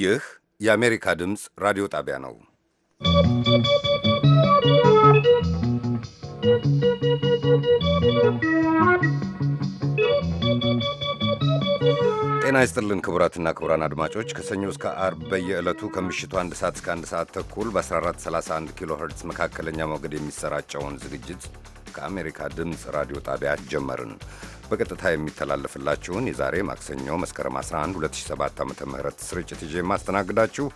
ይህ የአሜሪካ ድምፅ ራዲዮ ጣቢያ ነው። ጤና ይስጥልን ክቡራትና ክቡራን አድማጮች ከሰኞ እስከ አርብ በየዕለቱ ከምሽቱ አንድ ሰዓት እስከ አንድ ሰዓት ተኩል በ1431 ኪሎ ኸርትዝ መካከለኛ ሞገድ የሚሰራጨውን ዝግጅት ከአሜሪካ ድምፅ ራዲዮ ጣቢያ ጀመርን። በቀጥታ የሚተላለፍላችሁን የዛሬ ማክሰኞ መስከረም 11 2007 ዓ ም ስርጭት ይዤ የማስተናግዳችሁ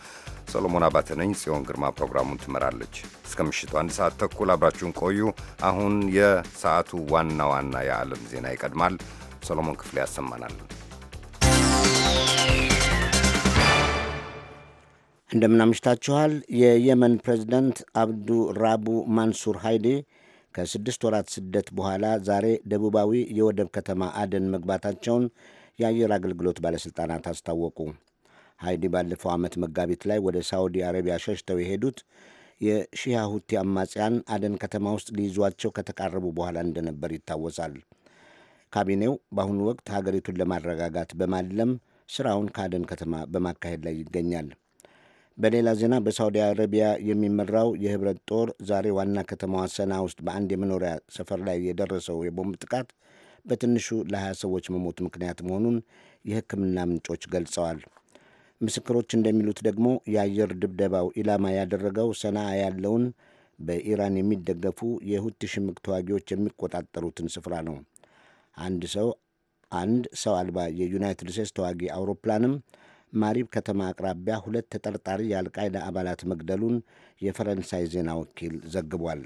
ሰሎሞን አባተነኝ። ጽዮን ግርማ ፕሮግራሙን ትመራለች። እስከ ምሽቱ አንድ ሰዓት ተኩል አብራችሁን ቆዩ። አሁን የሰዓቱ ዋና ዋና የዓለም ዜና ይቀድማል። ሰሎሞን ክፍሌ ያሰማናል። እንደምናምሽታችኋል። የየመን ፕሬዚደንት አብዱ ራቡ ማንሱር ሃይዴ ከስድስት ወራት ስደት በኋላ ዛሬ ደቡባዊ የወደብ ከተማ አደን መግባታቸውን የአየር አገልግሎት ባለሥልጣናት አስታወቁ። ሃይዲ ባለፈው ዓመት መጋቢት ላይ ወደ ሳዑዲ አረቢያ ሸሽተው የሄዱት የሺያ ሁቲ አማጽያን አደን ከተማ ውስጥ ሊይዟቸው ከተቃረቡ በኋላ እንደነበር ይታወሳል። ካቢኔው በአሁኑ ወቅት ሀገሪቱን ለማረጋጋት በማለም ስራውን ከአደን ከተማ በማካሄድ ላይ ይገኛል። በሌላ ዜና በሳውዲ አረቢያ የሚመራው የህብረት ጦር ዛሬ ዋና ከተማዋ ሰና ውስጥ በአንድ የመኖሪያ ሰፈር ላይ የደረሰው የቦምብ ጥቃት በትንሹ ለ20 ሰዎች መሞት ምክንያት መሆኑን የሕክምና ምንጮች ገልጸዋል። ምስክሮች እንደሚሉት ደግሞ የአየር ድብደባው ኢላማ ያደረገው ሰና ያለውን በኢራን የሚደገፉ የሁቲ ሽምቅ ተዋጊዎች የሚቆጣጠሩትን ስፍራ ነው። አንድ ሰው አንድ ሰው አልባ የዩናይትድ ስቴትስ ተዋጊ አውሮፕላንም ማሪብ ከተማ አቅራቢያ ሁለት ተጠርጣሪ የአልቃይዳ አባላት መግደሉን የፈረንሳይ ዜና ወኪል ዘግቧል።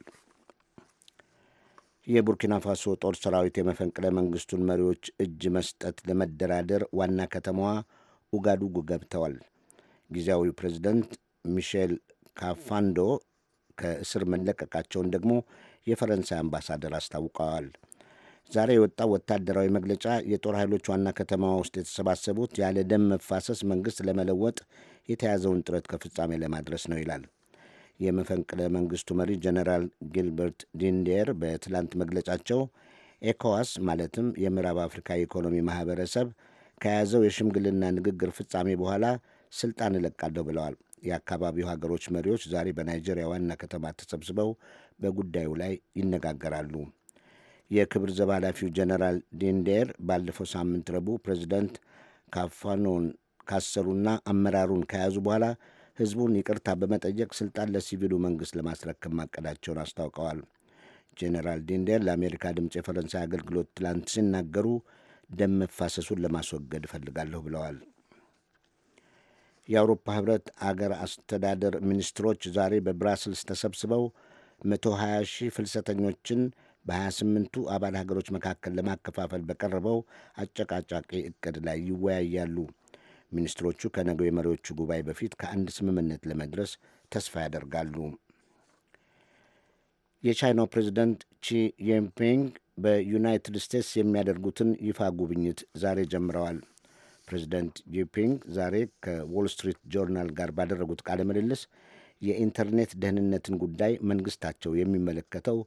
የቡርኪና ፋሶ ጦር ሰራዊት የመፈንቅለ መንግስቱን መሪዎች እጅ መስጠት ለመደራደር ዋና ከተማዋ ኡጋዱጉ ገብተዋል። ጊዜያዊው ፕሬዚደንት ሚሼል ካፋንዶ ከእስር መለቀቃቸውን ደግሞ የፈረንሳይ አምባሳደር አስታውቀዋል። ዛሬ የወጣው ወታደራዊ መግለጫ የጦር ኃይሎች ዋና ከተማዋ ውስጥ የተሰባሰቡት ያለ ደም መፋሰስ መንግሥት ለመለወጥ የተያዘውን ጥረት ከፍጻሜ ለማድረስ ነው ይላል። የመፈንቅለ መንግስቱ መሪ ጀነራል ጊልበርት ዲንዴር በትላንት መግለጫቸው ኤኮዋስ ማለትም የምዕራብ አፍሪካ የኢኮኖሚ ማህበረሰብ ከያዘው የሽምግልና ንግግር ፍጻሜ በኋላ ስልጣን እለቃለሁ ብለዋል። የአካባቢው ሀገሮች መሪዎች ዛሬ በናይጄሪያ ዋና ከተማ ተሰብስበው በጉዳዩ ላይ ይነጋገራሉ። የክብር ዘብ ኃላፊው ጀነራል ዲንዴር ባለፈው ሳምንት ረቡዕ ፕሬዚደንት ካፋኖን ካሰሩና አመራሩን ከያዙ በኋላ ህዝቡን ይቅርታ በመጠየቅ ስልጣን ለሲቪሉ መንግሥት ለማስረከብ ማቀዳቸውን አስታውቀዋል። ጄኔራል ዲንዴር ለአሜሪካ ድምፅ የፈረንሳይ አገልግሎት ትላንት ሲናገሩ ደም መፋሰሱን ለማስወገድ እፈልጋለሁ ብለዋል። የአውሮፓ ህብረት አገር አስተዳደር ሚኒስትሮች ዛሬ በብራስልስ ተሰብስበው 120 ሺህ ፍልሰተኞችን በ28ቱ አባል ሀገሮች መካከል ለማከፋፈል በቀረበው አጨቃጫቂ እቅድ ላይ ይወያያሉ። ሚኒስትሮቹ ከነገው የመሪዎቹ ጉባኤ በፊት ከአንድ ስምምነት ለመድረስ ተስፋ ያደርጋሉ። የቻይናው ፕሬዚደንት ቺ ጂንፒንግ በዩናይትድ ስቴትስ የሚያደርጉትን ይፋ ጉብኝት ዛሬ ጀምረዋል። ፕሬዚደንት ጂንፒንግ ዛሬ ከዎል ስትሪት ጆርናል ጋር ባደረጉት ቃለ ምልልስ የኢንተርኔት ደህንነትን ጉዳይ መንግስታቸው የሚመለከተው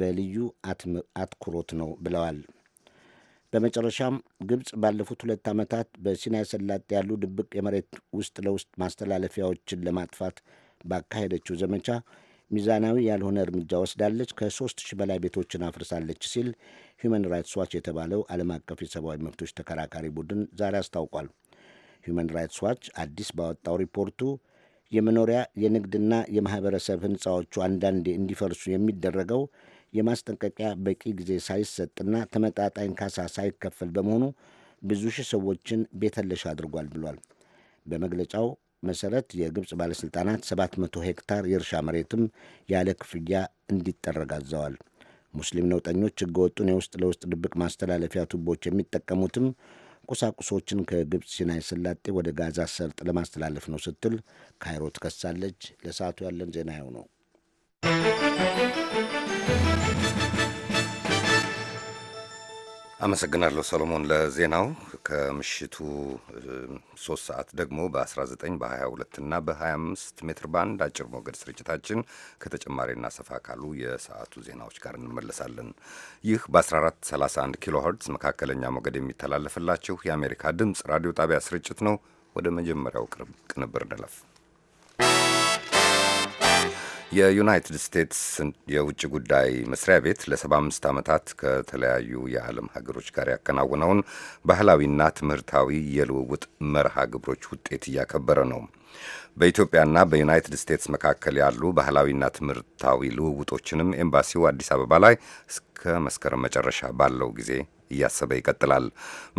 በልዩ አትኩሮት ነው ብለዋል። በመጨረሻም ግብፅ ባለፉት ሁለት ዓመታት በሲናይ ሰላጤ ያሉ ድብቅ የመሬት ውስጥ ለውስጥ ማስተላለፊያዎችን ለማጥፋት ባካሄደችው ዘመቻ ሚዛናዊ ያልሆነ እርምጃ ወስዳለች፣ ከሦስት ሺህ በላይ ቤቶችን አፍርሳለች ሲል ሁማን ራይትስ ዋች የተባለው ዓለም አቀፍ የሰብአዊ መብቶች ተከራካሪ ቡድን ዛሬ አስታውቋል። ሁማን ራይትስ ዋች አዲስ ባወጣው ሪፖርቱ የመኖሪያ የንግድና የማኅበረሰብ ሕንፃዎቹ አንዳንዴ እንዲፈርሱ የሚደረገው የማስጠንቀቂያ በቂ ጊዜ ሳይሰጥና ተመጣጣኝ ካሳ ሳይከፈል በመሆኑ ብዙ ሺህ ሰዎችን ቤተለሽ አድርጓል ብሏል። በመግለጫው መሰረት የግብፅ ባለሥልጣናት 700 ሄክታር የእርሻ መሬትም ያለ ክፍያ እንዲጠረግ አዘዋል። ሙስሊም ነውጠኞች ሕገወጡን የውስጥ ለውስጥ ድብቅ ማስተላለፊያ ቱቦች የሚጠቀሙትም ቁሳቁሶችን ከግብፅ ሲናይ ስላጤ ወደ ጋዛ ሰርጥ ለማስተላለፍ ነው ስትል ካይሮ ትከሳለች። ለሰዓቱ ያለን ዜና ይኸው ነው። አመሰግናለሁ ሰሎሞን ለዜናው። ከምሽቱ ሶስት ሰዓት ደግሞ በ19 በ22 እና በ25 ሜትር ባንድ አጭር ሞገድ ስርጭታችን ከተጨማሪና ሰፋ ካሉ የሰዓቱ ዜናዎች ጋር እንመለሳለን። ይህ በ1431 ኪሎ ኸርትዝ መካከለኛ ሞገድ የሚተላለፍላችሁ የአሜሪካ ድምፅ ራዲዮ ጣቢያ ስርጭት ነው። ወደ መጀመሪያው ቅንብር እንለፍ። የዩናይትድ ስቴትስ የውጭ ጉዳይ መስሪያ ቤት ለ75 ዓመታት ከተለያዩ የዓለም ሀገሮች ጋር ያከናውነውን ባህላዊና ትምህርታዊ የልውውጥ መርሃ ግብሮች ውጤት እያከበረ ነው። በኢትዮጵያና በዩናይትድ ስቴትስ መካከል ያሉ ባህላዊና ትምህርታዊ ልውውጦችንም ኤምባሲው አዲስ አበባ ላይ እስከ መስከረም መጨረሻ ባለው ጊዜ እያሰበ ይቀጥላል።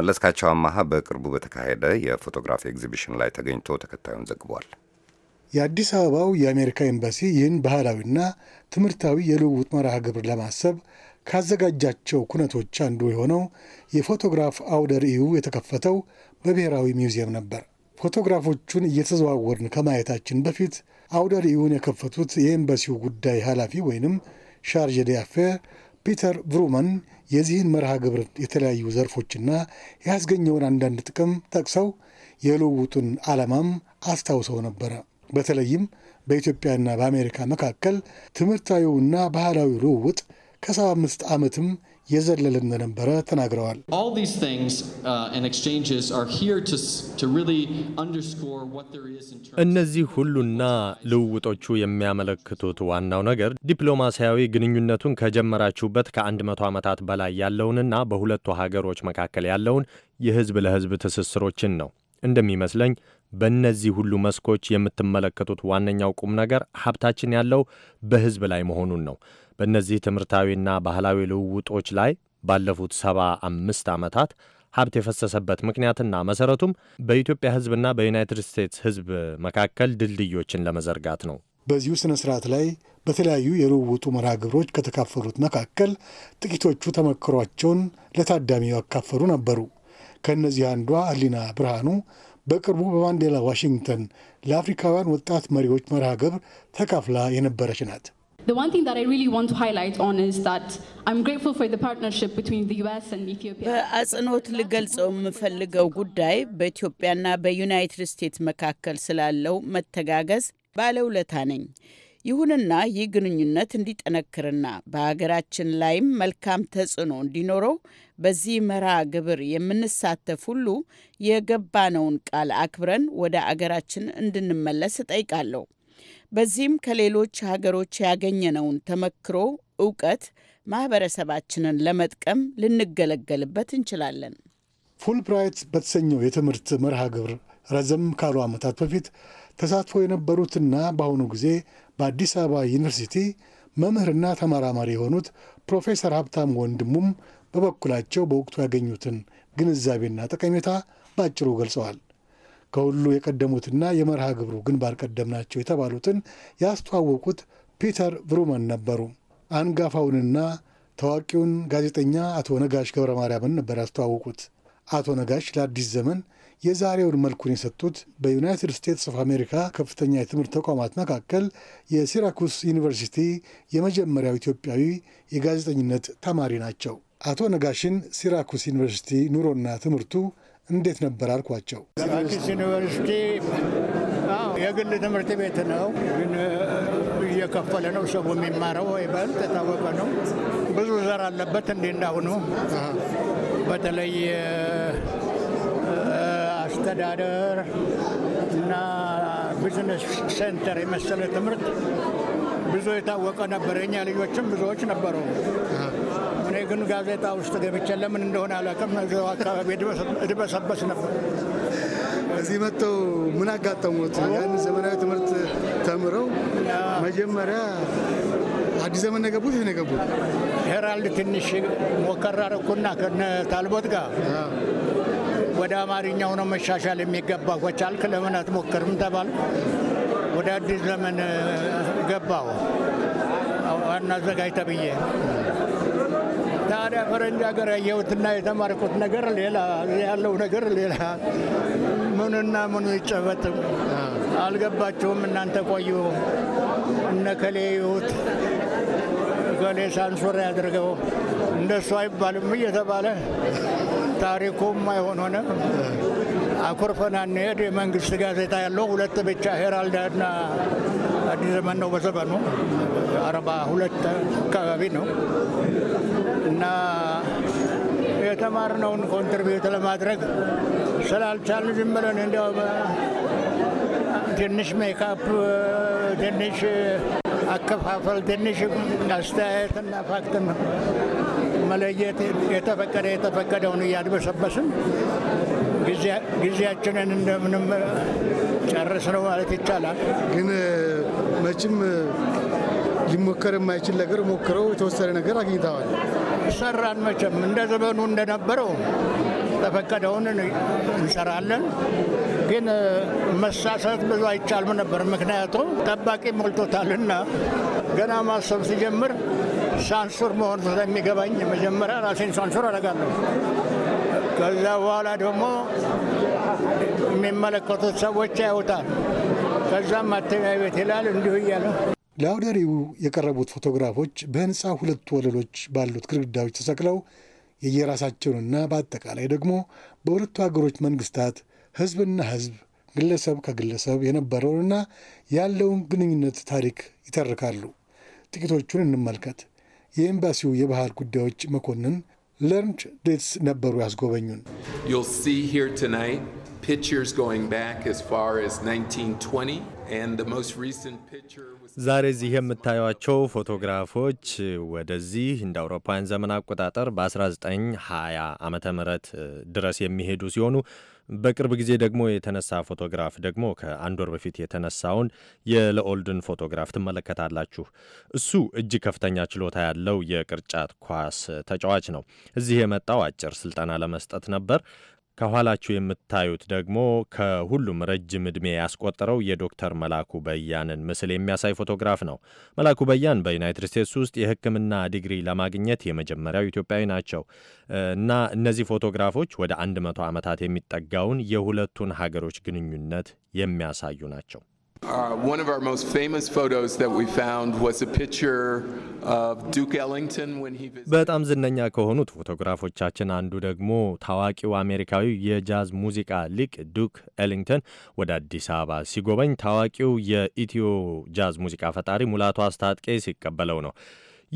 መለስካቸው አማሃ በቅርቡ በተካሄደ የፎቶግራፊ ኤግዚቢሽን ላይ ተገኝቶ ተከታዩን ዘግቧል። የአዲስ አበባው የአሜሪካ ኤምባሲ ይህን ባህላዊና ትምህርታዊ የልውውጥ መርሃ ግብር ለማሰብ ካዘጋጃቸው ኩነቶች አንዱ የሆነው የፎቶግራፍ አውደ ርዕዩ የተከፈተው በብሔራዊ ሚውዚየም ነበር። ፎቶግራፎቹን እየተዘዋወርን ከማየታችን በፊት አውደ ርዕዩን የከፈቱት የኤምባሲው ጉዳይ ኃላፊ ወይንም ሻርጅ ዲአፌር ፒተር ብሩመን የዚህን መርሃ ግብር የተለያዩ ዘርፎችና ያስገኘውን አንዳንድ ጥቅም ጠቅሰው የልውውጡን ዓላማም አስታውሰው ነበረ። በተለይም በኢትዮጵያና በአሜሪካ መካከል ትምህርታዊውና ባህላዊ ልውውጥ ከ75 ዓመትም የዘለለ እንደነበረ ተናግረዋል። uh, እነዚህ ሁሉና ልውውጦቹ የሚያመለክቱት ዋናው ነገር ዲፕሎማሲያዊ ግንኙነቱን ከጀመራችሁበት ከ መቶ ዓመታት በላይ ያለውንና በሁለቱ ሀገሮች መካከል ያለውን የህዝብ ለህዝብ ትስስሮችን ነው እንደሚመስለኝ በእነዚህ ሁሉ መስኮች የምትመለከቱት ዋነኛው ቁም ነገር ሀብታችን ያለው በሕዝብ ላይ መሆኑን ነው። በእነዚህ ትምህርታዊና ባህላዊ ልውውጦች ላይ ባለፉት ሰባ አምስት ዓመታት ሀብት የፈሰሰበት ምክንያትና መሰረቱም በኢትዮጵያ ሕዝብና በዩናይትድ ስቴትስ ሕዝብ መካከል ድልድዮችን ለመዘርጋት ነው። በዚሁ ስነ ስርዓት ላይ በተለያዩ የልውውጡ መርሃ ግብሮች ከተካፈሉት መካከል ጥቂቶቹ ተመክሯቸውን ለታዳሚው ያካፈሉ ነበሩ። ከእነዚህ አንዷ አሊና ብርሃኑ በቅርቡ በማንዴላ ዋሽንግተን ለአፍሪካውያን ወጣት መሪዎች መርሃ ግብር ተካፍላ የነበረች ናት። በአጽንኦት ልገልጸው የምፈልገው ጉዳይ በኢትዮጵያና በዩናይትድ ስቴትስ መካከል ስላለው መተጋገዝ ባለውለታ ነኝ። ይሁንና ይህ ግንኙነት እንዲጠነክርና በሀገራችን ላይም መልካም ተጽዕኖ እንዲኖረው በዚህ መርሃ ግብር የምንሳተፍ ሁሉ የገባነውን ቃል አክብረን ወደ አገራችን እንድንመለስ እጠይቃለሁ። በዚህም ከሌሎች ሀገሮች ያገኘነውን ተመክሮ፣ እውቀት ማህበረሰባችንን ለመጥቀም ልንገለገልበት እንችላለን። ፉል በተሰኘው የትምህርት መርሃ ግብር ረዘም ካሉ ዓመታት በፊት ተሳትፎ የነበሩትና በአሁኑ ጊዜ በአዲስ አበባ ዩኒቨርሲቲ መምህርና ተመራማሪ የሆኑት ፕሮፌሰር ሀብታም ወንድሙም በበኩላቸው በወቅቱ ያገኙትን ግንዛቤና ጠቀሜታ በአጭሩ ገልጸዋል። ከሁሉ የቀደሙትና የመርሃ ግብሩ ግንባር ቀደም ናቸው የተባሉትን ያስተዋወቁት ፒተር ብሩመን ነበሩ። አንጋፋውንና ታዋቂውን ጋዜጠኛ አቶ ነጋሽ ገብረ ማርያምን ነበር ያስተዋወቁት። አቶ ነጋሽ ለአዲስ ዘመን የዛሬውን መልኩን የሰጡት በዩናይትድ ስቴትስ ኦፍ አሜሪካ ከፍተኛ የትምህርት ተቋማት መካከል የሲራኩስ ዩኒቨርሲቲ የመጀመሪያው ኢትዮጵያዊ የጋዜጠኝነት ተማሪ ናቸው። አቶ ነጋሽን ሲራኩስ ዩኒቨርሲቲ ኑሮና ትምህርቱ እንዴት ነበር አልኳቸው። ሲራኩስ ዩኒቨርሲቲ የግል ትምህርት ቤት ነው፣ ግን እየከፈለ ነው ሰው የሚማረው ይበልጥ የታወቀ ነው። ብዙ ዘር አለበት እንዲህ እንዳሁኑ በተለይ አስተዳደር እና ቢዝነስ ሴንተር የመሰለ ትምህርት ብዙ የታወቀ ነበር። የኛ ልጆችም ብዙዎች ነበሩ። እኔ ግን ጋዜጣ ውስጥ ገብቼ ለምን እንደሆነ አላውቅም፣ እዚያው አካባቢ እድበሰበስ ነበር። እዚህ መጥተው ምን አጋጠሙት? ያን ዘመናዊ ትምህርት ተምረው መጀመሪያ አዲስ ዘመን ነገቡት ይህ ነገቡት ሄራልድ ትንሽ ሞከር ከነ ታልቦት ጋር ወደ አማርኛው ነው መሻሻል የሚገባ ከቻልክ ለምን አትሞክርም ተባል። ወደ አዲስ ዘመን ገባው ዋና አዘጋጅ ተብዬ። ታዲያ ፈረንጅ ሀገር ያየሁትና የተማርኩት ነገር ሌላ፣ ያለው ነገር ሌላ። ምንና ምኑ ይጨበጥም አልገባችሁም እናንተ ቆዩ እነ ከሌ ይሁት ከሌ ሳንሱር ያድርገው እንደሱ አይባልም እየተባለ ታሪኩም አይሆን ሆነ። አኩርፈን አንሄድ። የመንግስት ጋዜጣ ያለው ሁለት ብቻ ሄራልድና አዲስ ዘመን ነው። በዘመኑ አርባ ሁለት አካባቢ ነው እና የተማርነውን ኮንትሪቢዩት ለማድረግ ስላልቻልን ዝም ብለን እንዲያው ትንሽ ሜካፕ፣ ትንሽ አከፋፈል፣ ትንሽ አስተያየትና ፋክት ነው መለየት የተፈቀደ የተፈቀደውን እያድበሰበስን ጊዜያችንን እንደምንም ጨርስ ነው ማለት ይቻላል። ግን መቼም ሊሞከር የማይችል ነገር ሞክረው የተወሰነ ነገር አግኝተዋል። ይሰራን መቼም እንደ ዘመኑ እንደነበረው ተፈቀደውን እንሰራለን። ግን መሳሳት ብዙ አይቻልም ነበር፣ ምክንያቱም ጠባቂ ሞልቶታልና ገና ማሰብ ሲጀምር ሳንሱር መሆን ስለሚገባኝ መጀመሪያ ራሴን ሳንሱር አደርጋለሁ። ከዛ በኋላ ደግሞ የሚመለከቱት ሰዎች ያዩታል። ከዛም ማተሚያ ቤት ይላል እንዲሁ እያለ ለአውደ ርዕዩ የቀረቡት ፎቶግራፎች በህንፃ ሁለቱ ወለሎች ባሉት ግድግዳዎች ተሰቅለው የየራሳቸውንና በአጠቃላይ ደግሞ በሁለቱ ሀገሮች መንግስታት ህዝብና ህዝብ ግለሰብ ከግለሰብ የነበረውንና ያለውን ግንኙነት ታሪክ ይተርካሉ። ጥቂቶቹን እንመልከት። የኤምባሲው የባህል ጉዳዮች መኮንን ለርንድ ዴትስ ነበሩ ያስጎበኙን። ዛሬ እዚህ የምታዩቸው ፎቶግራፎች ወደዚህ እንደ አውሮፓውያን ዘመን አቆጣጠር በ1920 ዓ ም ድረስ የሚሄዱ ሲሆኑ በቅርብ ጊዜ ደግሞ የተነሳ ፎቶግራፍ ደግሞ ከአንድ ወር በፊት የተነሳውን የለኦልድን ፎቶግራፍ ትመለከታላችሁ። እሱ እጅግ ከፍተኛ ችሎታ ያለው የቅርጫት ኳስ ተጫዋች ነው። እዚህ የመጣው አጭር ስልጠና ለመስጠት ነበር። ከኋላችሁ የምታዩት ደግሞ ከሁሉም ረጅም ዕድሜ ያስቆጠረው የዶክተር መላኩ በያንን ምስል የሚያሳይ ፎቶግራፍ ነው። መላኩ በያን በዩናይትድ ስቴትስ ውስጥ የሕክምና ዲግሪ ለማግኘት የመጀመሪያው ኢትዮጵያዊ ናቸው እና እነዚህ ፎቶግራፎች ወደ አንድ መቶ ዓመታት የሚጠጋውን የሁለቱን ሀገሮች ግንኙነት የሚያሳዩ ናቸው። Uh, one of our most famous photos that we found was a picture of Duke Ellington when he visited. በጣም ዝነኛ ከሆኑት ፎቶግራፎቻችን አንዱ ደግሞ ታዋቂው አሜሪካዊ የጃዝ ሙዚቃ ሊቅ ዱክ ኤሊንግተን ወደ አዲስ አበባ ሲጎበኝ ታዋቂው የኢትዮ ጃዝ ሙዚቃ ፈጣሪ ሙላቱ አስታጥቄ ሲቀበለው ነው።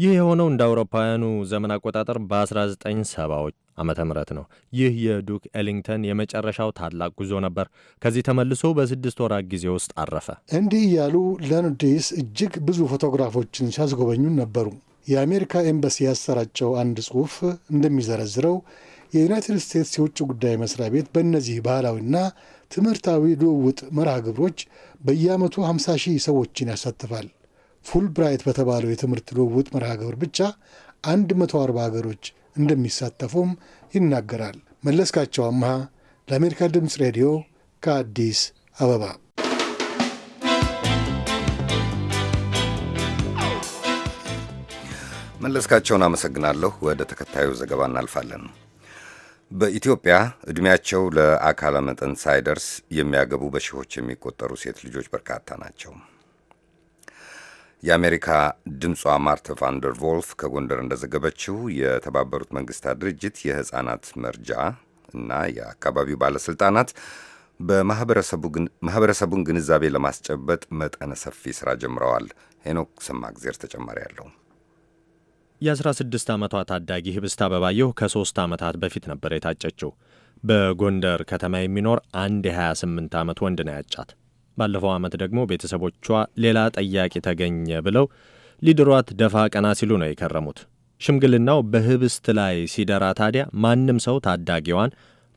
ይህ የሆነው እንደ አውሮፓውያኑ ዘመን አቆጣጠር በ1970ዎች ዓመተ ምህረት ነው። ይህ የዱክ ኤሊንግተን የመጨረሻው ታላቅ ጉዞ ነበር። ከዚህ ተመልሶ በስድስት ወራት ጊዜ ውስጥ አረፈ። እንዲህ እያሉ ለንዴስ እጅግ ብዙ ፎቶግራፎችን ሲያስጎበኙን ነበሩ። የአሜሪካ ኤምባሲ ያሰራጨው አንድ ጽሑፍ እንደሚዘረዝረው የዩናይትድ ስቴትስ የውጭ ጉዳይ መስሪያ ቤት በእነዚህ ባህላዊና ትምህርታዊ ልውውጥ መርሃ ግብሮች በየዓመቱ 50 ሺህ ሰዎችን ያሳትፋል። ፉል ብራይት በተባለው የትምህርት ልውውጥ መርሃ ግብር ብቻ 140 ሀገሮች እንደሚሳተፉም ይናገራል። መለስካቸው አምሃ ለአሜሪካ ድምፅ ሬዲዮ ከአዲስ አበባ። መለስካቸውን አመሰግናለሁ። ወደ ተከታዩ ዘገባ እናልፋለን። በኢትዮጵያ ዕድሜያቸው ለአካለ መጠን ሳይደርስ የሚያገቡ በሺዎች የሚቆጠሩ ሴት ልጆች በርካታ ናቸው። የአሜሪካ ድምጿ ማርተ ቫንደር ቮልፍ ከጎንደር እንደዘገበችው የተባበሩት መንግስታት ድርጅት የህፃናት መርጃ እና የአካባቢው ባለስልጣናት በማህበረሰቡን ግንዛቤ ለማስጨበጥ መጠነ ሰፊ ስራ ጀምረዋል። ሄኖክ ሰማግዜር ተጨማሪ አለው። የ16 ዓመቷ ታዳጊ ህብስት አበባየሁ ከሶስት ዓመታት በፊት ነበር የታጨችው። በጎንደር ከተማ የሚኖር አንድ የ28 ዓመት ወንድ ነው ያጫት። ባለፈው ዓመት ደግሞ ቤተሰቦቿ ሌላ ጠያቂ ተገኘ ብለው ሊድሯት ደፋ ቀና ሲሉ ነው የከረሙት። ሽምግልናው በህብስት ላይ ሲደራ ታዲያ ማንም ሰው ታዳጊዋን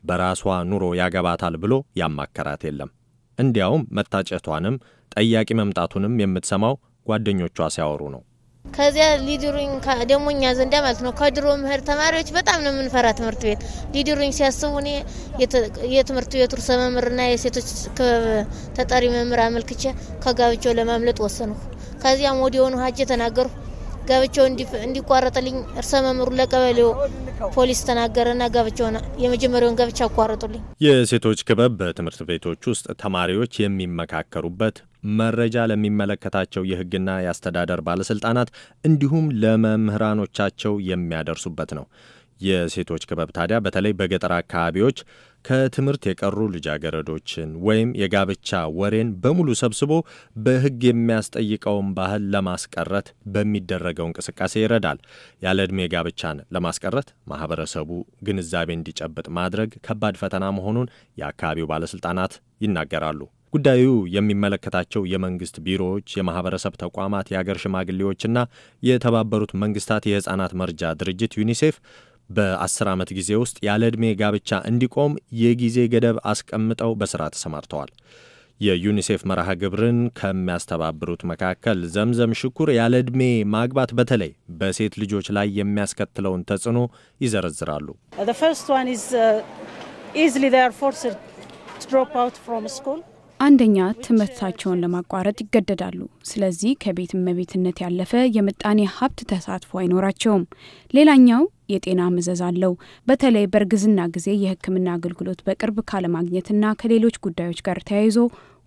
በራሷ ኑሮ ያገባታል ብሎ ያማከራት የለም። እንዲያውም መታጨቷንም ጠያቂ መምጣቱንም የምትሰማው ጓደኞቿ ሲያወሩ ነው። ከዚያ ሊድሩኝ ደግሞ እኛ ዘንዳ ማለት ነው ከድሮ ምህር ተማሪዎች በጣም ነው የምንፈራ ትምህርት ቤት ሊድሩኝ ሲያስቡ እኔ የትምህርት ቤቱ ርዕሰ መምህርና የሴቶች ተጠሪ መምህር አመልክቼ ከጋብቻው ለማምለጥ ወሰንኩ። ከዚያም ወዲያውኑ ሀጅ ተናገሩ ጋብቻው እንዲቋረጥልኝ እርሰ መምሩ ለቀበሌው ፖሊስ ተናገረና ጋብቻውን የመጀመሪያውን ጋብቻ አቋረጡልኝ። የሴቶች ክበብ በትምህርት ቤቶች ውስጥ ተማሪዎች የሚመካከሩበት መረጃ ለሚመለከታቸው የሕግና የአስተዳደር ባለሥልጣናት እንዲሁም ለመምህራኖቻቸው የሚያደርሱበት ነው። የሴቶች ክበብ ታዲያ በተለይ በገጠር አካባቢዎች ከትምህርት የቀሩ ልጃገረዶችን ወይም የጋብቻ ወሬን በሙሉ ሰብስቦ በሕግ የሚያስጠይቀውን ባህል ለማስቀረት በሚደረገው እንቅስቃሴ ይረዳል። ያለ ዕድሜ ጋብቻን ለማስቀረት ማህበረሰቡ ግንዛቤ እንዲጨብጥ ማድረግ ከባድ ፈተና መሆኑን የአካባቢው ባለሥልጣናት ይናገራሉ። ጉዳዩ የሚመለከታቸው የመንግስት ቢሮዎች፣ የማህበረሰብ ተቋማት፣ የአገር ሽማግሌዎችና የተባበሩት መንግስታት የህፃናት መርጃ ድርጅት ዩኒሴፍ በአስር ዓመት ጊዜ ውስጥ ያለ ዕድሜ ጋብቻ እንዲቆም የጊዜ ገደብ አስቀምጠው በሥራ ተሰማርተዋል። የዩኒሴፍ መርሃ ግብርን ከሚያስተባብሩት መካከል ዘምዘም ሽኩር ያለ ዕድሜ ማግባት በተለይ በሴት ልጆች ላይ የሚያስከትለውን ተጽዕኖ ይዘረዝራሉ። አንደኛ ትምህርታቸውን ለማቋረጥ ይገደዳሉ። ስለዚህ ከቤት እመቤትነት ያለፈ የምጣኔ ሀብት ተሳትፎ አይኖራቸውም። ሌላኛው የጤና መዘዝ አለው። በተለይ በእርግዝና ጊዜ የሕክምና አገልግሎት በቅርብ ካለማግኘትና ከሌሎች ጉዳዮች ጋር ተያይዞ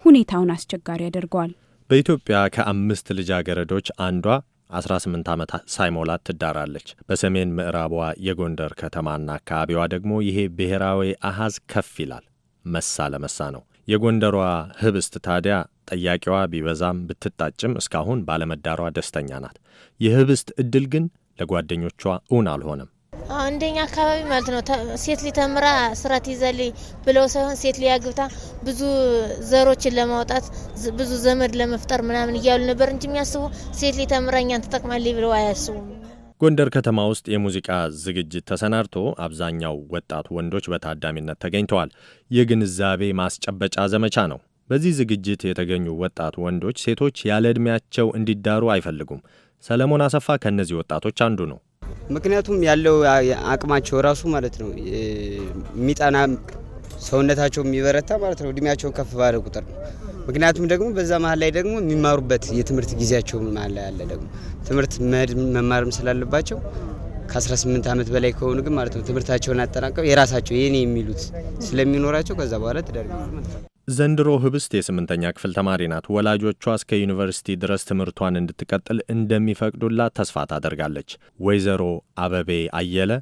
ሁኔታውን አስቸጋሪ ያደርገዋል። በኢትዮጵያ ከአምስት ልጃገረዶች አንዷ 18 ዓመት ሳይሞላት ትዳራለች። በሰሜን ምዕራቧ የጎንደር ከተማና አካባቢዋ ደግሞ ይሄ ብሔራዊ አሃዝ ከፍ ይላል። መሳ ለመሳ ነው። የጎንደሯ ህብስት ታዲያ ጠያቂዋ ቢበዛም ብትጣጭም እስካሁን ባለመዳሯ ደስተኛ ናት። የህብስት እድል ግን ለጓደኞቿ እውን አልሆነም። እንደኛ አካባቢ ማለት ነው ሴት ሊተምራ ስራ ትይዛለች ብለው ሳይሆን ሴት ሊያግብታ ብዙ ዘሮችን ለማውጣት ብዙ ዘመድ ለመፍጠር ምናምን እያሉ ነበር እንጂ የሚያስቡ ሴት ሊተምራ እኛን ትጠቅማለች ብለው አያስቡም። ጎንደር ከተማ ውስጥ የሙዚቃ ዝግጅት ተሰናድቶ አብዛኛው ወጣት ወንዶች በታዳሚነት ተገኝተዋል። የግንዛቤ ማስጨበጫ ዘመቻ ነው። በዚህ ዝግጅት የተገኙ ወጣት ወንዶች ሴቶች ያለ ዕድሜያቸው እንዲዳሩ አይፈልጉም። ሰለሞን አሰፋ ከእነዚህ ወጣቶች አንዱ ነው። ምክንያቱም ያለው አቅማቸው ራሱ ማለት ነው የሚጠና ሰውነታቸው የሚበረታ ማለት ነው እድሜያቸው ከፍ ባለ ቁጥር ነው። ምክንያቱም ደግሞ በዛ መሀል ላይ ደግሞ የሚማሩበት የትምህርት ጊዜያቸው መሀል ላይ አለ። ደግሞ ትምህርት መማርም ስላለባቸው ከ18 ዓመት በላይ ከሆኑ ግን ማለት ነው ትምህርታቸውን አጠናቀው የራሳቸው የኔ የሚሉት ስለሚኖራቸው ከዛ በኋላ ትዳር ዘንድሮ ህብስት የስምንተኛ ክፍል ተማሪ ናት። ወላጆቿ እስከ ዩኒቨርሲቲ ድረስ ትምህርቷን እንድትቀጥል እንደሚፈቅዱላት ተስፋ ታደርጋለች። ወይዘሮ አበቤ አየለ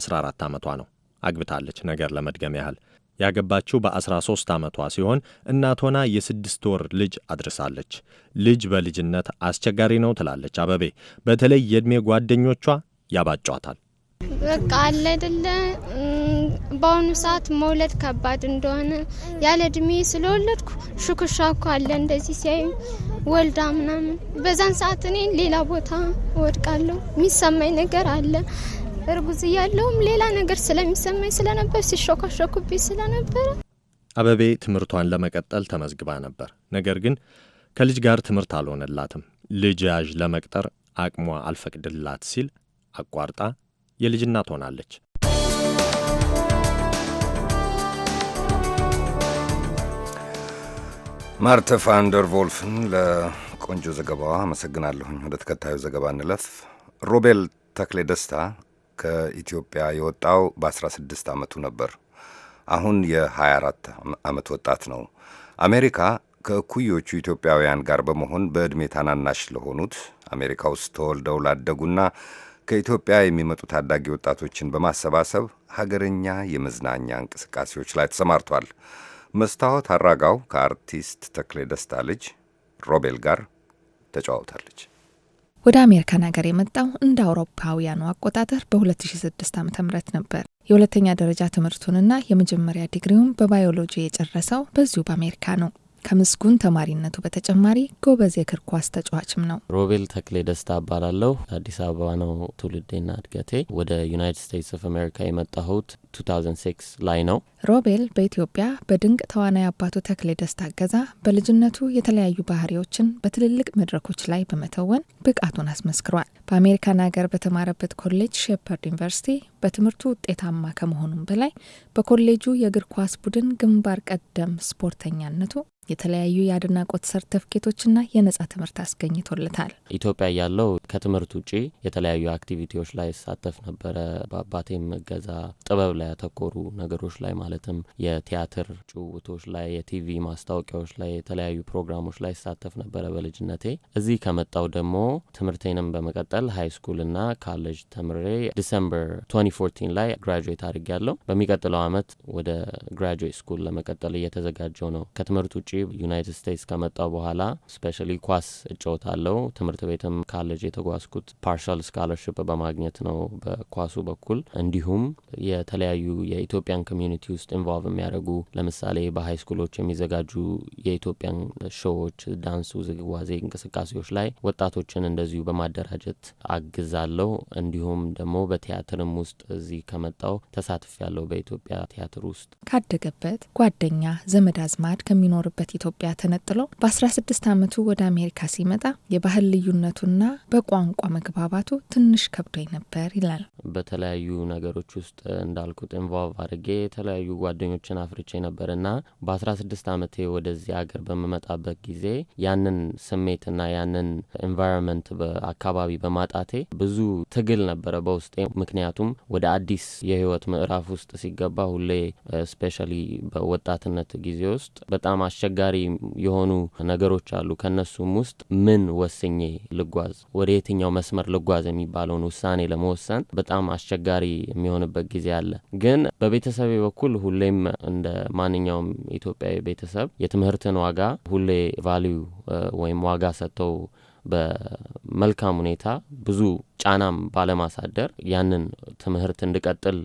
14 ዓመቷ ነው። አግብታለች። ነገር ለመድገም ያህል ያገባችው በአስራ ሶስት ዓመቷ ሲሆን እናት ሆና የስድስት ወር ልጅ አድርሳለች። ልጅ በልጅነት አስቸጋሪ ነው ትላለች አበቤ። በተለይ የዕድሜ ጓደኞቿ ያባጯታል። በቃ አለ አይደለ በአሁኑ ሰዓት መውለድ ከባድ እንደሆነ ያለ እድሜ ስለወለድኩ ሹክሻ እኮ አለ እንደዚህ ሲያዩ ወልዳ ምናምን። በዛን ሰዓት እኔ ሌላ ቦታ ወድቃለሁ የሚሰማኝ ነገር አለ እርጉዝ እያለውም ሌላ ነገር ስለሚሰማኝ ስለነበር ሲሾካሾኩብኝ ስለነበረ አበቤ ትምህርቷን ለመቀጠል ተመዝግባ ነበር። ነገር ግን ከልጅ ጋር ትምህርት አልሆነላትም። ልጅ ያዥ ለመቅጠር አቅሟ አልፈቅድላት ሲል አቋርጣ የልጅ እናት ሆናለች። ማርተ ፋንደር ቮልፍን ለቆንጆ ዘገባዋ አመሰግናለሁኝ። ወደ ተከታዩ ዘገባ እንለፍ። ሮቤል ተክሌ ደስታ ከኢትዮጵያ የወጣው በ16 ዓመቱ ነበር። አሁን የ24 ዓመት ወጣት ነው። አሜሪካ ከእኩዮቹ ኢትዮጵያውያን ጋር በመሆን በዕድሜ ታናናሽ ለሆኑት አሜሪካ ውስጥ ተወልደው ላደጉና ከኢትዮጵያ የሚመጡ ታዳጊ ወጣቶችን በማሰባሰብ ሀገርኛ የመዝናኛ እንቅስቃሴዎች ላይ ተሰማርቷል። መስታወት አራጋው ከአርቲስት ተክሌ ደስታ ልጅ ሮቤል ጋር ተጫዋውታለች። ወደ አሜሪካን ሀገር የመጣው እንደ አውሮፓውያኑ አቆጣጠር በ2006 ዓ ም ነበር። የሁለተኛ ደረጃ ትምህርቱንና የመጀመሪያ ዲግሪውን በባዮሎጂ የጨረሰው በዚሁ በአሜሪካ ነው። ከምስጉን ተማሪነቱ በተጨማሪ ጎበዝ የእግር ኳስ ተጫዋችም ነው። ሮቤል ተክሌ ደስታ እባላለሁ። አዲስ አበባ ነው ትውልዴና እድገቴ። ወደ ዩናይትድ ስቴትስ ኦፍ አሜሪካ የመጣሁት 2006 ላይ ነው። ሮቤል በኢትዮጵያ በድንቅ ተዋናይ አባቱ ተክሌ ደስታ እገዛ በልጅነቱ የተለያዩ ባህሪዎችን በትልልቅ መድረኮች ላይ በመተወን ብቃቱን አስመስክሯል። በአሜሪካን ሀገር በተማረበት ኮሌጅ ሼፐርድ ዩኒቨርሲቲ በትምህርቱ ውጤታማ ከመሆኑም በላይ በኮሌጁ የእግር ኳስ ቡድን ግንባር ቀደም ስፖርተኛነቱ የተለያዩ የአድናቆት ሰርተፍኬቶችና የነጻ ትምህርት አስገኝቶለታል። ኢትዮጵያ ያለው ከትምህርት ውጪ የተለያዩ አክቲቪቲዎች ላይ ይሳተፍ ነበረ። በአባቴም እገዛ ጥበብ ላይ ያተኮሩ ነገሮች ላይ ማለትም የቲያትር ጭውውቶች ላይ፣ የቲቪ ማስታወቂያዎች ላይ፣ የተለያዩ ፕሮግራሞች ላይ ይሳተፍ ነበረ በልጅነቴ። እዚህ ከመጣው ደግሞ ትምህርቴንም በመቀጠል ሀይ ስኩልና ካሌጅ ተምሬ ዲሰምበር 2014 ላይ ግራጁዌት አድርጌያለሁ። በሚቀጥለው አመት ወደ ግራጁዌት ስኩል ለመቀጠል እየተዘጋጀው ነው። ከትምህርት ውጪ ዩናይትድ ስቴትስ ከመጣው በኋላ ስፔሻሊ ኳስ አለው ትምህርት ቤትም ካለጅ የተጓዝኩት ፓርሻል ስካለርሽፕ በማግኘት ነው በኳሱ በኩል እንዲሁም የተለያዩ የኢትዮጵያን ኮሚኒቲ ውስጥ ኢንቮልቭ የሚያደርጉ ለምሳሌ በሀይ ስኩሎች የሚዘጋጁ የኢትዮጵያን ሾዎች፣ ዳንስ፣ ውዝግዋዜ እንቅስቃሴዎች ላይ ወጣቶችን እንደዚሁ በማደራጀት አግዛለው እንዲሁም ደግሞ በቲያትርም ውስጥ እዚህ ከመጣው ተሳትፍ ያለው በኢትዮጵያ ቲያትር ውስጥ ካደገበት ጓደኛ ዘመድ አዝማድ ከሚኖርበት ኢትዮጵያ ተነጥሎ በ16 ዓመቱ ወደ አሜሪካ ሲመጣ የባህል ልዩነቱና በቋንቋ መግባባቱ ትንሽ ከብዶኝ ነበር ይላል። በተለያዩ ነገሮች ውስጥ እንዳልኩት ኢንቮልቭ አድርጌ የተለያዩ ጓደኞችን አፍርቼ ነበርና በ16 ዓመቴ ወደዚህ ሀገር በምመጣበት ጊዜ ያንን ስሜትና ያንን ኤንቫይሮንመንት አካባቢ በማጣቴ ብዙ ትግል ነበረ በውስጤ። ምክንያቱም ወደ አዲስ የህይወት ምዕራፍ ውስጥ ሲገባ ሁሌ ስፔሻሊ በወጣትነት ጊዜ ውስጥ በጣም አስቸ አስቸጋሪ የሆኑ ነገሮች አሉ። ከእነሱም ውስጥ ምን ወስኜ ልጓዝ፣ ወደ የትኛው መስመር ልጓዝ የሚባለውን ውሳኔ ለመወሰን በጣም አስቸጋሪ የሚሆንበት ጊዜ አለ። ግን በቤተሰቤ በኩል ሁሌም እንደ ማንኛውም ኢትዮጵያዊ ቤተሰብ የትምህርትን ዋጋ ሁሌ ቫሊዩ ወይም ዋጋ ሰጥተው በመልካም ሁኔታ ብዙ ጫናም ባለማሳደር ያንን ትምህርት እንድቀጥል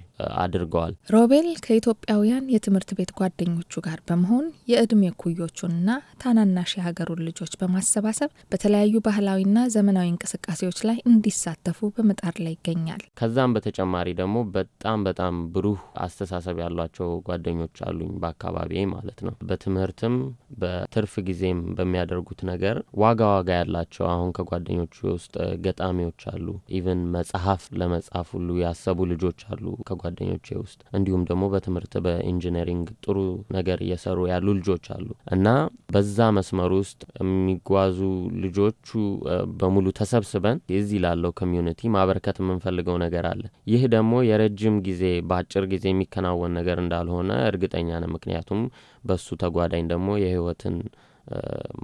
አድርገዋል። ሮቤል ከኢትዮጵያውያን የትምህርት ቤት ጓደኞቹ ጋር በመሆን የእድሜ ኩዮቹንና ታናናሽ የሀገሩን ልጆች በማሰባሰብ በተለያዩ ባህላዊና ዘመናዊ እንቅስቃሴዎች ላይ እንዲሳተፉ በመጣር ላይ ይገኛል። ከዛም በተጨማሪ ደግሞ በጣም በጣም ብሩህ አስተሳሰብ ያሏቸው ጓደኞች አሉኝ በአካባቢ ማለት ነው። በትምህርትም በትርፍ ጊዜም በሚያደርጉት ነገር ዋጋ ዋጋ ያላቸው አሁን ከጓደኞቹ ውስጥ ገጣሚዎች አሉ። ኢቨን መጽሐፍ ለመጻፍ ሁሉ ያሰቡ ልጆች አሉ ከጓደኞቼ ውስጥ እንዲሁም ደግሞ በትምህርት በኢንጂነሪንግ ጥሩ ነገር እየሰሩ ያሉ ልጆች አሉ እና በዛ መስመር ውስጥ የሚጓዙ ልጆቹ በሙሉ ተሰብስበን እዚህ ላለው ኮሚዩኒቲ ማበረከት የምንፈልገው ነገር አለ። ይህ ደግሞ የረጅም ጊዜ በአጭር ጊዜ የሚከናወን ነገር እንዳልሆነ እርግጠኛ ነው። ምክንያቱም በሱ ተጓዳኝ ደግሞ የህይወትን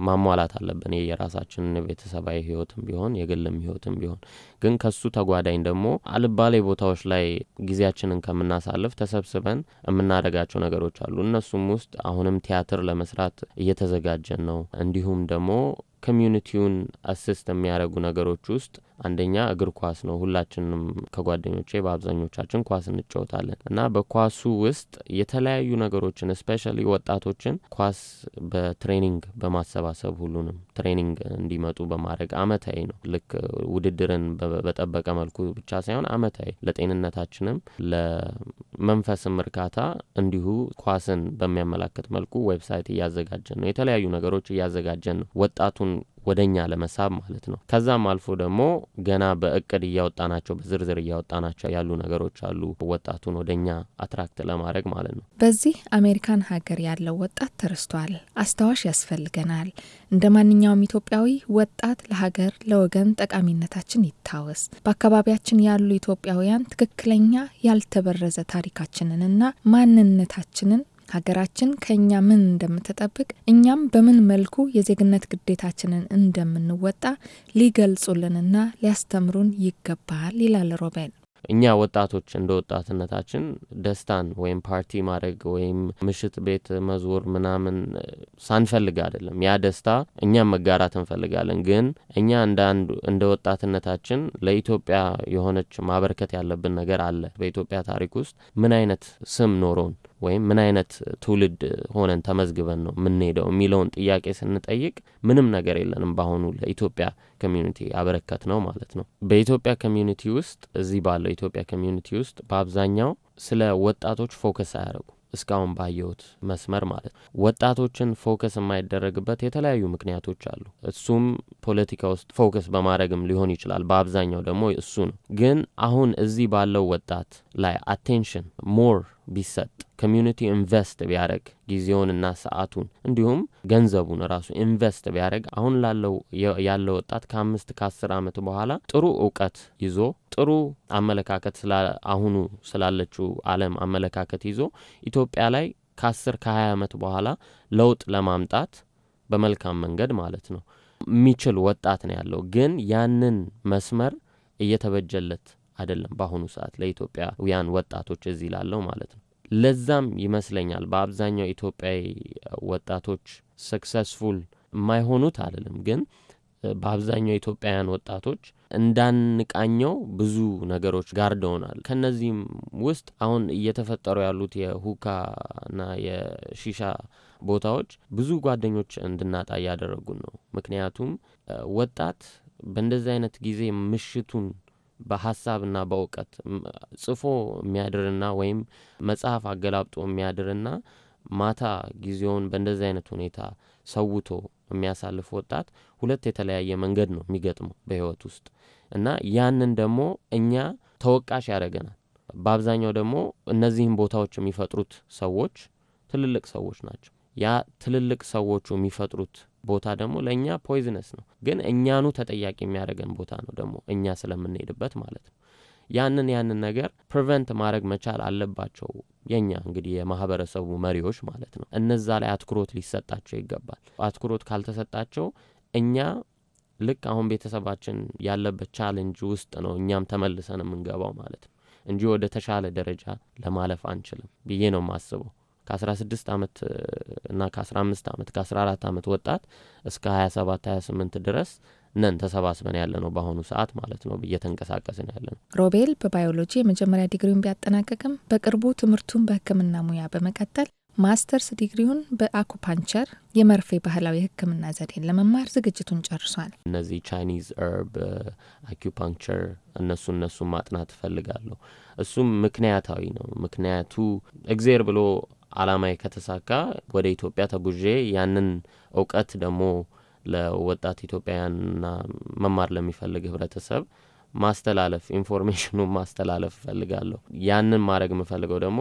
ማሟላት አለብን። የራሳችንን ቤተሰባዊ ህይወትም ቢሆን የግልም ህይወትም ቢሆን ግን ከሱ ተጓዳኝ ደግሞ አልባሌ ቦታዎች ላይ ጊዜያችንን ከምናሳልፍ ተሰብስበን የምናደርጋቸው ነገሮች አሉ። እነሱም ውስጥ አሁንም ቲያትር ለመስራት እየተዘጋጀን ነው። እንዲሁም ደግሞ ኮሚዩኒቲውን አስስት የሚያደርጉ ነገሮች ውስጥ አንደኛ እግር ኳስ ነው። ሁላችንም ከጓደኞቼ በአብዛኞቻችን ኳስ እንጫወታለን እና በኳሱ ውስጥ የተለያዩ ነገሮችን ስፔሻ ወጣቶችን ኳስ በትሬኒንግ በማሰባሰብ ሁሉንም ትሬኒንግ እንዲመጡ በማድረግ አመታዊ ነው። ልክ ውድድርን በጠበቀ መልኩ ብቻ ሳይሆን አመታዊ ለጤንነታችንም ለመንፈስም እርካታ እንዲሁ ኳስን በሚያመላክት መልኩ ዌብሳይት እያዘጋጀን ነው። የተለያዩ ነገሮች እያዘጋጀን ነው። ወጣቱን ወደ እኛ ለመሳብ ማለት ነው። ከዛም አልፎ ደግሞ ገና በእቅድ እያወጣናቸው በዝርዝር እያወጣናቸው ያሉ ነገሮች አሉ፣ ወጣቱን ወደ እኛ አትራክት ለማድረግ ማለት ነው። በዚህ አሜሪካን ሀገር ያለው ወጣት ተረስቷል። አስታዋሽ ያስፈልገናል። እንደ ማንኛውም ኢትዮጵያዊ ወጣት ለሀገር ለወገን ጠቃሚነታችን ይታወስ። በአካባቢያችን ያሉ ኢትዮጵያውያን ትክክለኛ ያልተበረዘ ታሪካችንንና ማንነታችንን ሀገራችን ከእኛ ምን እንደምትጠብቅ እኛም በምን መልኩ የዜግነት ግዴታችንን እንደምንወጣ ሊገልጹልንና ሊያስተምሩን ይገባል ይላል ሮቤል። እኛ ወጣቶች እንደ ወጣትነታችን ደስታን ወይም ፓርቲ ማድረግ ወይም ምሽት ቤት መዞር ምናምን ሳንፈልግ አይደለም። ያ ደስታ እኛም መጋራት እንፈልጋለን። ግን እኛ እንደ ወጣትነታችን ለኢትዮጵያ የሆነች ማበረከት ያለብን ነገር አለ። በኢትዮጵያ ታሪክ ውስጥ ምን አይነት ስም ኖሮን ወይም ምን አይነት ትውልድ ሆነን ተመዝግበን ነው የምንሄደው የሚለውን ጥያቄ ስንጠይቅ ምንም ነገር የለንም በአሁኑ ለኢትዮጵያ ኮሚዩኒቲ አበረከት ነው ማለት ነው። በኢትዮጵያ ኮሚዩኒቲ ውስጥ እዚህ ባለው ኢትዮጵያ ኮሚኒቲ ውስጥ በአብዛኛው ስለ ወጣቶች ፎከስ አያደርጉ እስካሁን ባየሁት መስመር ማለት ነው። ወጣቶችን ፎከስ የማይደረግበት የተለያዩ ምክንያቶች አሉ። እሱም ፖለቲካ ውስጥ ፎከስ በማድረግም ሊሆን ይችላል። በአብዛኛው ደግሞ እሱ ነው። ግን አሁን እዚህ ባለው ወጣት ላይ አቴንሽን ሞር ቢሰጥ ኮሚኒቲ ኢንቨስት ቢያደረግ ጊዜውንና ሰዓቱን እንዲሁም ገንዘቡን ራሱ ኢንቨስት ቢያደረግ አሁን ላለው ያለው ወጣት ከአምስት ከአስር ዓመት በኋላ ጥሩ እውቀት ይዞ ጥሩ አመለካከት አሁኑ ስላለችው አለም አመለካከት ይዞ ኢትዮጵያ ላይ ከአስር ከሀያ ዓመት በኋላ ለውጥ ለማምጣት በመልካም መንገድ ማለት ነው የሚችል ወጣት ነው ያለው ግን ያንን መስመር እየተበጀለት አይደለም በአሁኑ ሰዓት ለኢትዮጵያውያን ወጣቶች እዚህ ላለው ማለት ነው። ለዛም ይመስለኛል በአብዛኛው ኢትዮጵያዊ ወጣቶች ሰክሰስፉል የማይሆኑት አይደለም፣ ግን በአብዛኛው ኢትዮጵያውያን ወጣቶች እንዳንቃኘው ብዙ ነገሮች ጋርደውናል። ከነዚህም ውስጥ አሁን እየተፈጠሩ ያሉት የሁካ ና የሺሻ ቦታዎች ብዙ ጓደኞች እንድናጣ እያደረጉን ነው። ምክንያቱም ወጣት በእንደዚህ አይነት ጊዜ ምሽቱን በሀሳብና በእውቀት ጽፎ የሚያድርና ወይም መጽሐፍ አገላብጦ የሚያድርና ማታ ጊዜውን በእንደዚህ አይነት ሁኔታ ሰውቶ የሚያሳልፍ ወጣት ሁለት የተለያየ መንገድ ነው የሚገጥመው በህይወት ውስጥ እና ያንን ደግሞ እኛ ተወቃሽ ያደረገናል። በአብዛኛው ደግሞ እነዚህን ቦታዎች የሚፈጥሩት ሰዎች ትልልቅ ሰዎች ናቸው። ያ ትልልቅ ሰዎቹ የሚፈጥሩት ቦታ ደግሞ ለእኛ ፖይዝነስ ነው፣ ግን እኛኑ ተጠያቂ የሚያደርገን ቦታ ነው ደግሞ እኛ ስለምንሄድበት ማለት ነው። ያንን ያንን ነገር ፕሪቨንት ማድረግ መቻል አለባቸው የኛ እንግዲህ የማህበረሰቡ መሪዎች ማለት ነው። እነዛ ላይ አትኩሮት ሊሰጣቸው ይገባል። አትኩሮት ካልተሰጣቸው እኛ ልክ አሁን ቤተሰባችን ያለበት ቻለንጅ ውስጥ ነው እኛም ተመልሰን የምንገባው ማለት ነው እንጂ ወደ ተሻለ ደረጃ ለማለፍ አንችልም ብዬ ነው ማስበው። ከ16 ዓመት እና ከ15 ዓመት ከ14 ዓመት ወጣት እስከ 27 28 ድረስ ነን ተሰባስበን ያለ ነው በአሁኑ ሰዓት ማለት ነው እየተንቀሳቀስን ያለ ነው። ሮቤል በባዮሎጂ የመጀመሪያ ዲግሪውን ቢያጠናቀቅም በቅርቡ ትምህርቱን በሕክምና ሙያ በመቀጠል ማስተርስ ዲግሪውን በአኩፓንቸር የመርፌ ባህላዊ ሕክምና ዘዴን ለመማር ዝግጅቱን ጨርሷል። እነዚህ ቻይኒዝ እርብ፣ አኩፓንቸር እነሱ እነሱ ማጥናት እፈልጋለሁ። እሱም ምክንያታዊ ነው። ምክንያቱ እግዜር ብሎ አላማዬ ከተሳካ ወደ ኢትዮጵያ ተጉዤ ያንን እውቀት ደግሞ ለወጣት ኢትዮጵያውያንና መማር ለሚፈልግ ህብረተሰብ ማስተላለፍ ኢንፎርሜሽኑ ማስተላለፍ እፈልጋለሁ። ያንን ማድረግ የምፈልገው ደግሞ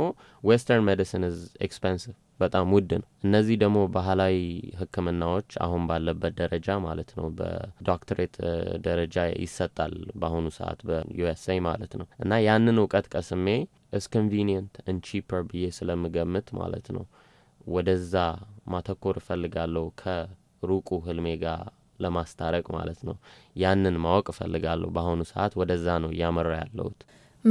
ዌስተርን ሜዲሲን ኢዝ ኤክስፐንሲቭ በጣም ውድ ነው። እነዚህ ደግሞ ባህላዊ ህክምናዎች አሁን ባለበት ደረጃ ማለት ነው በዶክትሬት ደረጃ ይሰጣል በአሁኑ ሰዓት በዩኤስኤ ማለት ነው። እና ያንን እውቀት ቀስሜ እስኮንቪኒንት ኮንቪኒየንት እን ቺፐር ብዬ ስለምገምት ማለት ነው ወደዛ ማተኮር እፈልጋለሁ ከሩቁ ህልሜ ጋር ለማስታረቅ ማለት ነው። ያንን ማወቅ እፈልጋለሁ። በአሁኑ ሰዓት ወደዛ ነው እያመራ ያለሁት።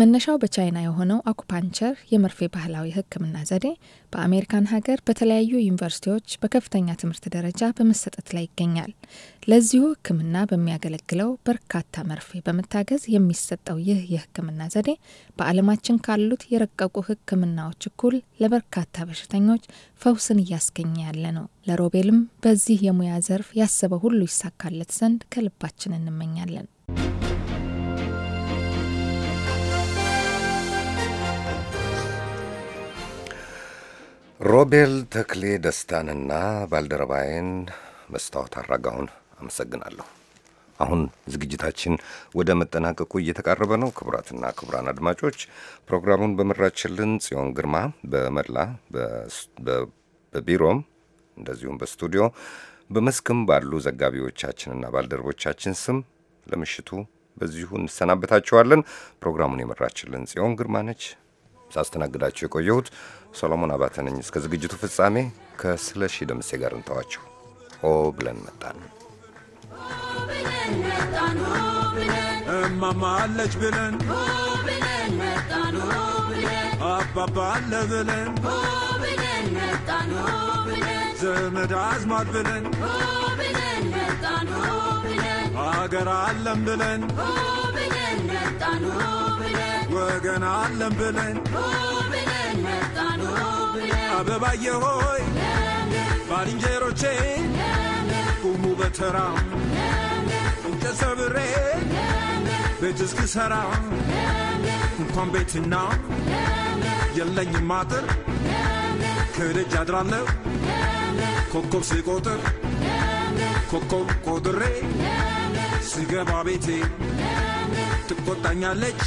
መነሻው በቻይና የሆነው አኩፓንቸር የመርፌ ባህላዊ ሕክምና ዘዴ በአሜሪካን ሀገር በተለያዩ ዩኒቨርሲቲዎች በከፍተኛ ትምህርት ደረጃ በመሰጠት ላይ ይገኛል። ለዚሁ ሕክምና በሚያገለግለው በርካታ መርፌ በመታገዝ የሚሰጠው ይህ የሕክምና ዘዴ በዓለማችን ካሉት የረቀቁ ሕክምናዎች እኩል ለበርካታ በሽተኞች ፈውስን እያስገኘ ያለ ነው። ለሮቤልም በዚህ የሙያ ዘርፍ ያሰበው ሁሉ ይሳካለት ዘንድ ከልባችን እንመኛለን። ሮቤል ተክሌ ደስታንና ባልደረባዬን መስታወት አራጋውን አመሰግናለሁ። አሁን ዝግጅታችን ወደ መጠናቀቁ እየተቃረበ ነው። ክቡራትና ክቡራን አድማጮች ፕሮግራሙን በመራችልን ጽዮን ግርማ በመላ በቢሮም እንደዚሁም በስቱዲዮ በመስክም ባሉ ዘጋቢዎቻችንና ባልደረቦቻችን ስም ለምሽቱ በዚሁ እንሰናበታችኋለን። ፕሮግራሙን የመራችልን ጽዮን ግርማ ነች። ሳስተናግዳችሁ የቆየሁት ሰሎሞን አባተ ነኝ። እስከ ዝግጅቱ ፍጻሜ ከስለሺ ደምሴ ጋር እንተዋችሁ። ሆ ብለን መጣን እማማለች ብለን አባባለ ብለን ዘመድ አዝማድ ብለን ብለን መጣን ብለን አገር አለም ብለን ብለን መጣን ብለን ወገን አለም ብለን ብለን መጣን ብለን አበባዬ ሆይ ባልንጀሮቼ ቁሙ በተራ እንጨት ሰብሬ ቤት እስክሰራ እንኳን ቤትና የለኝም አጥር ከደጅ አድራለሁ ቆጥሬ ስገባ ቤቴ ትቆጣኛለች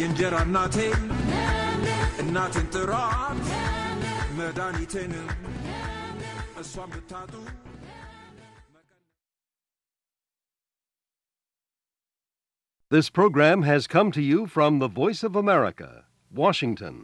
የእንጀራ እናቴ ጥራት እሷን ብታጡ This program has come to you from the Voice of America, Washington.